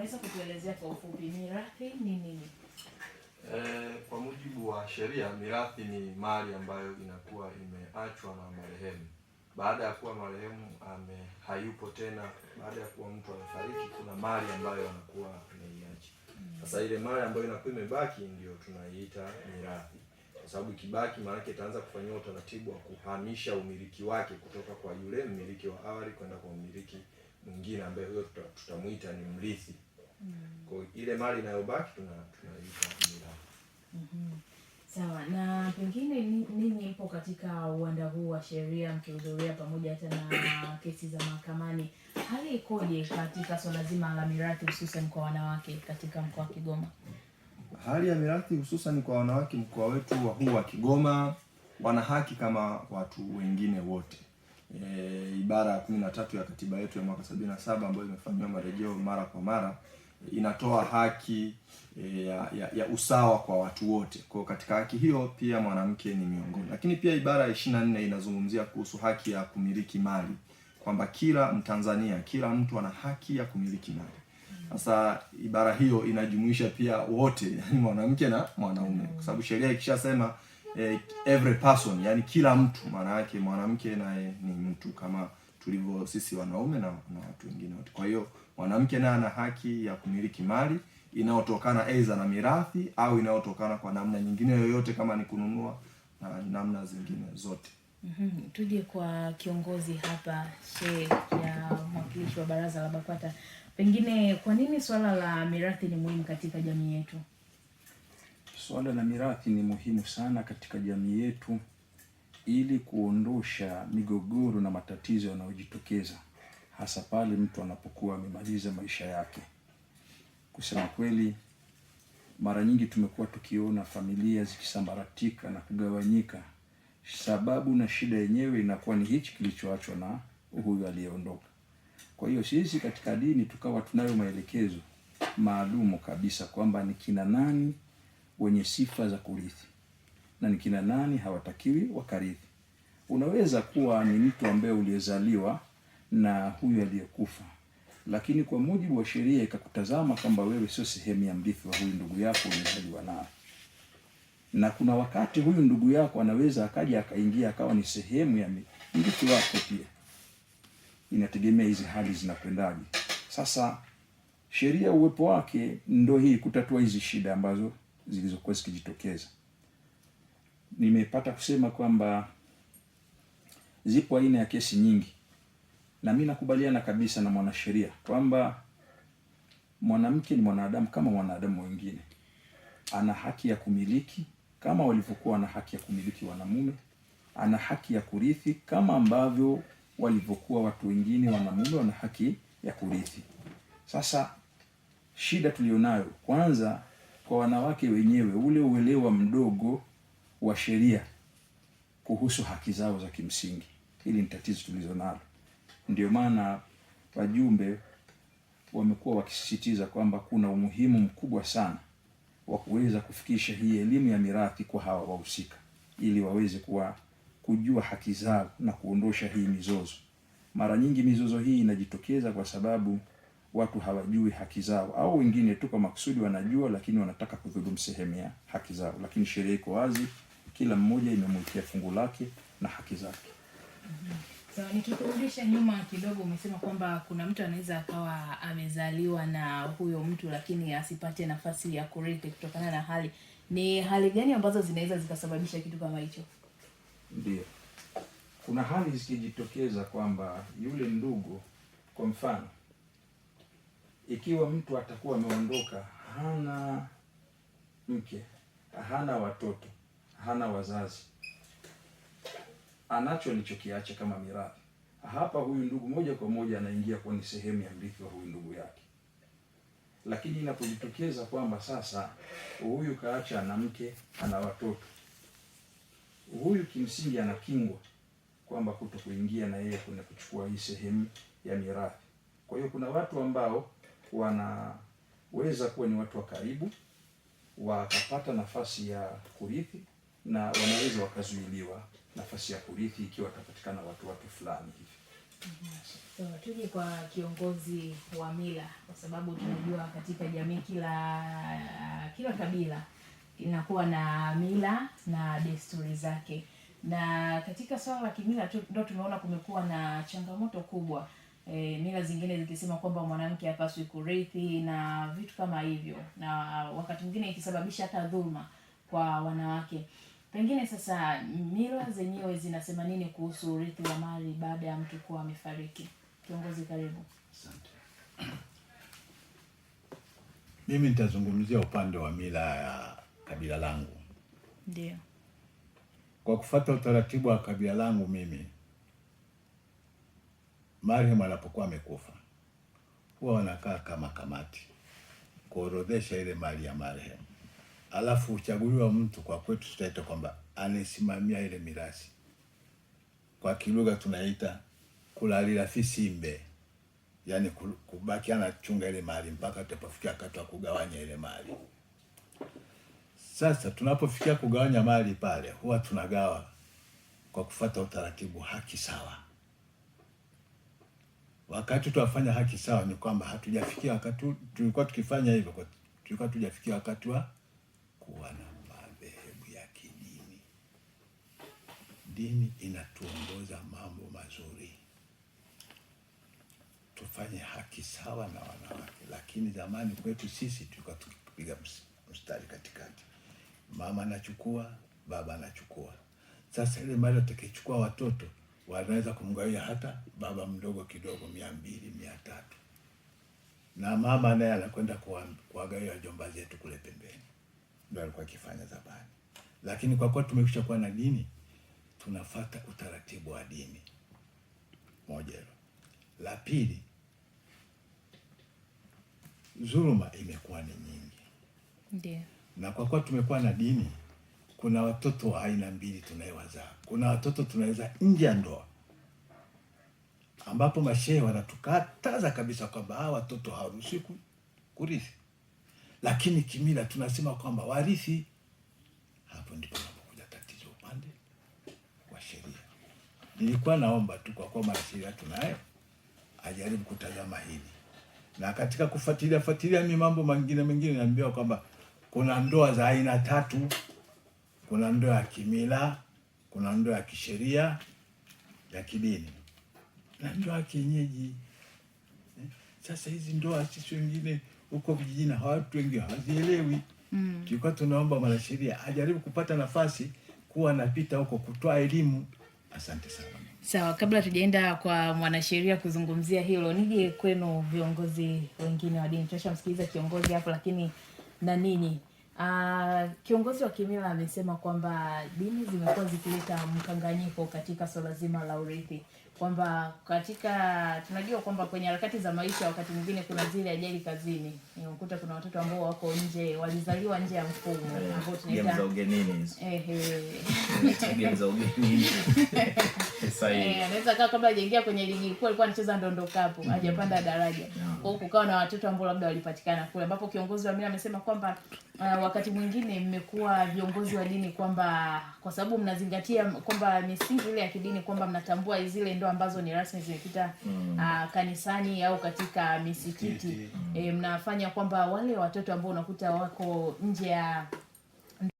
unaweza kutuelezea kwa ufupi mirathi ni nini? Eh, kwa mujibu wa sheria mirathi ni mali ambayo inakuwa imeachwa na marehemu baada ya kuwa marehemu ame hayupo tena, baada ya kuwa mtu amefariki, kuna mali ambayo anakuwa ameiacha. Sasa ile mali ambayo inakuwa imebaki ndio tunaiita mirathi, kwa sababu ikibaki, maana yake itaanza kufanyiwa utaratibu wa kuhamisha umiliki wake kutoka kwa yule mmiliki wa awali kwenda kwa mmiliki mwingine ambaye huyo tutamuita ni mrithi. Kwa ile mali inayobaki tuna tunaiita mila. Mm-hmm. Sawa. Na pengine ninyi mpo katika uwanda huu wa sheria mkihudhuria pamoja hata na kesi za mahakamani, hali ikoje katika swala zima la mirathi hususan kwa wanawake katika mkoa wa Kigoma? Hali ya mirathi hususan kwa wanawake mkoa wetu huu wa Kigoma, wana haki kama watu wengine wote. E, ibara ya kumi na tatu ya katiba yetu ya mwaka sabini na saba ambayo imefanyiwa marejeo mara kwa mara inatoa haki eh, ya, ya, ya usawa kwa watu wote. Kwa katika haki hiyo pia mwanamke ni miongoni, lakini pia ibara ya ishirini na nne inazungumzia kuhusu haki ya kumiliki mali kwamba kila Mtanzania, kila mtu ana haki ya kumiliki mali. Sasa ibara hiyo inajumuisha pia wote, yani mwanamke na mwanaume, kwa sababu sheria ikishasema eh, every person, yani kila mtu, maana yake mwanamke naye ni mtu kama tulivyo sisi wanaume na, na watu wengine wote, kwa hiyo Mwanamke naye ana haki ya kumiliki mali inayotokana aidha na mirathi au inayotokana kwa namna nyingine yoyote, kama ni kununua na namna zingine zote. Mm -hmm. Tuje kwa kiongozi hapa, sheikh ya mwakilishi wa baraza la BAKWATA, pengine kwa nini swala la mirathi ni muhimu katika jamii yetu? Swala la mirathi ni muhimu sana katika jamii yetu ili kuondosha migogoro na matatizo yanayojitokeza hasa pale mtu anapokuwa amemaliza maisha yake. Kusema kweli, mara nyingi tumekuwa tukiona familia zikisambaratika na kugawanyika. Sababu na shida yenyewe inakuwa ni hichi kilichoachwa na huyu aliyeondoka. Kwa hiyo sisi katika dini tukawa tunayo maelekezo maalumu kabisa kwamba ni kina nani wenye sifa za kurithi na ni kina nani hawatakiwi wakarithi. Unaweza kuwa ni mtu ambaye uliyezaliwa na huyu aliyekufa, lakini kwa mujibu wa sheria ikakutazama kwamba wewe sio sehemu ya mrithi wa huyu ndugu yako ulizaliwa naye, na kuna wakati huyu ndugu yako anaweza akaja akaingia akawa ni sehemu ya mrithi wako pia. Inategemea hizi hali zinakwendaje. Sasa sheria uwepo wake ndo hii kutatua hizi shida ambazo zilizokuwa zikijitokeza. Nimepata kusema kwamba zipo aina ya kesi nyingi na mimi nakubaliana kabisa na mwanasheria kwamba mwanamke ni mwanadamu kama mwanadamu wengine, ana haki ya kumiliki kama walivyokuwa na haki ya kumiliki wanamume, ana haki ya kurithi kama ambavyo walivyokuwa watu wengine wanamume wana haki ya kurithi. Sasa shida tulionayo, kwanza, kwa wanawake wenyewe, ule uelewa mdogo wa sheria kuhusu haki zao za kimsingi. Hili ni tatizo tulizonalo. Ndio maana wajumbe wamekuwa wakisisitiza kwamba kuna umuhimu mkubwa sana wa kuweza kufikisha hii elimu ya mirathi kwa hawa wahusika ili waweze kuwa kujua haki zao na kuondosha hii mizozo. Mara nyingi mizozo hii inajitokeza kwa sababu watu hawajui haki zao, au wengine tu kwa makusudi wanajua, lakini wanataka kudhulumu sehemu ya haki zao. Lakini sheria iko wazi, kila mmoja imemwekea fungu lake na haki zake. So, nikikurudisha nyuma kidogo, umesema kwamba kuna mtu anaweza akawa amezaliwa na huyo mtu lakini asipate nafasi ya kurithi kutokana na hali. Ni hali gani ambazo zinaweza zikasababisha kitu kama hicho? Ndio, kuna hali zikijitokeza kwamba yule ndugu, kwa mfano, ikiwa mtu atakuwa ameondoka, hana mke, hana watoto, hana wazazi anacho alichokiacha kama mirathi. Hapa huyu ndugu moja kwa moja anaingia kuwa ni sehemu ya mrithi wa huyu ndugu yake, lakini inapojitokeza kwamba sasa huyu kaacha ana mke, ana watoto, huyu kimsingi anakingwa kwamba kuto kuingia na yeye kuna kuchukua hii sehemu ya mirathi. Kwa hiyo kuna watu ambao wanaweza kuwa ni watu wa karibu wakapata nafasi ya kurithi na wanaweza wakazuiliwa nafasi ya kurithi ikiwa watapatikana watu wake fulani hivi. Mm-hmm. So, tuje kwa kiongozi wa mila kwa sababu tunajua katika jamii kila kila kabila inakuwa na mila na desturi zake, na katika swala la kimila ndo ndio tumeona kumekuwa na changamoto kubwa e, mila zingine zikisema kwamba mwanamke hapaswi kurithi na vitu kama hivyo, na wakati mwingine ikisababisha hata dhuluma kwa wanawake. Pengine sasa mila zenyewe zinasema nini kuhusu urithi wa mali baada ya mtu kuwa amefariki? Kiongozi, karibu. Asante. Mimi nitazungumzia upande wa mila ya kabila langu. Ndio. Kwa kufuata utaratibu wa kabila langu mimi, marehemu anapokuwa amekufa, huwa wanakaa kama kamati kuorodhesha ile mali ya marehemu alafu uchaguliwa mtu, kwa kwetu tutaita kwamba anesimamia ile mirasi, kwa kilugha tunaita kulalila fisimbe, yani kubaki anachunga ile mali mpaka tutapofikia wakati wa kugawanya ile mali. Sasa tunapofikia kugawanya mali pale, huwa tunagawa kwa kufuata utaratibu haki sawa. Wakati tuwafanya haki sawa, ni kwamba hatujafikia wakati tulikuwa tukifanya hivyo, tulikuwa tujafikia wakati wa kuwa na madhehebu ya kidini. Dini inatuongoza mambo mazuri, tufanye haki sawa na wanawake, lakini zamani kwetu sisi tulikuwa tukipiga mstari katikati, mama anachukua, baba anachukua. Sasa ile mali atakichukua watoto wanaweza kumgawia hata baba mdogo kidogo, mia mbili mia tatu na mama naye anakwenda kuwagawia wajomba zetu kule pembeni ndio alikuwa akifanya zamani, lakini kwa kuwa tumekwisha kuwa na dini tunafata utaratibu wa dini. Moja hilo. La pili, dhuluma imekuwa ni nyingi. Ndiyo. Na kwa kuwa tumekuwa na dini, kuna watoto wa aina mbili tunayewazaa. Kuna watoto tunaweza nje ya ndoa, ambapo mashehe wanatukataza kabisa kwamba hawa watoto hawaruhusiwi kurithi lakini kimila tunasema kwamba warithi. Hapo ndipo napokuja tatizo upande wa sheria. Nilikuwa naomba tu kwa kuwa mwanasheria tunaye ajaribu kutazama hili, na katika kufuatilia fuatilia mi mambo mengine mengine naambiwa kwamba kuna ndoa za aina tatu, kuna ndoa ya kimila, kuna ndoa ya kisheria ya kidini na ndoa ya kienyeji. Sasa hizi ndoa sisi wengine huko vijijini watu wengi hawazielewi. Mm. Tulikuwa tunaomba mwanasheria ajaribu kupata nafasi kuwa anapita huko kutoa elimu. Asante sana. Sawa, kabla tujaenda kwa mwanasheria kuzungumzia hilo, nije kwenu viongozi wengine wa dini. Tumeshamsikiliza kiongozi hapo, lakini na ninyi Uh, kiongozi wa kimila amesema kwamba dini zimekuwa zikileta mkanganyiko katika swala zima la urithi kwamba katika tunajua kwamba kwenye harakati za maisha wakati mwingine kuna zile ajali kazini, unakuta kuna watoto ambao wako nje, walizaliwa nje ya mfumo eh, ambao tunaita eh, Anaweza kaa kabla hajaingia kwenye ligi kuu alikuwa anacheza Ndondo kapu, hajapanda daraja, kwa kukawa na watoto ambao labda walipatikana kule, ambapo kiongozi wa mila amesema kwamba uh, wakati mwingine mmekuwa viongozi wa dini kwamba kwa sababu mnazingatia kwamba misingi ile ya kidini kwamba mnatambua zile ndoa ambazo ni rasmi zimepita uh, kanisani au katika misikiti e, mnafanya kwamba wale watoto ambao unakuta wako nje ya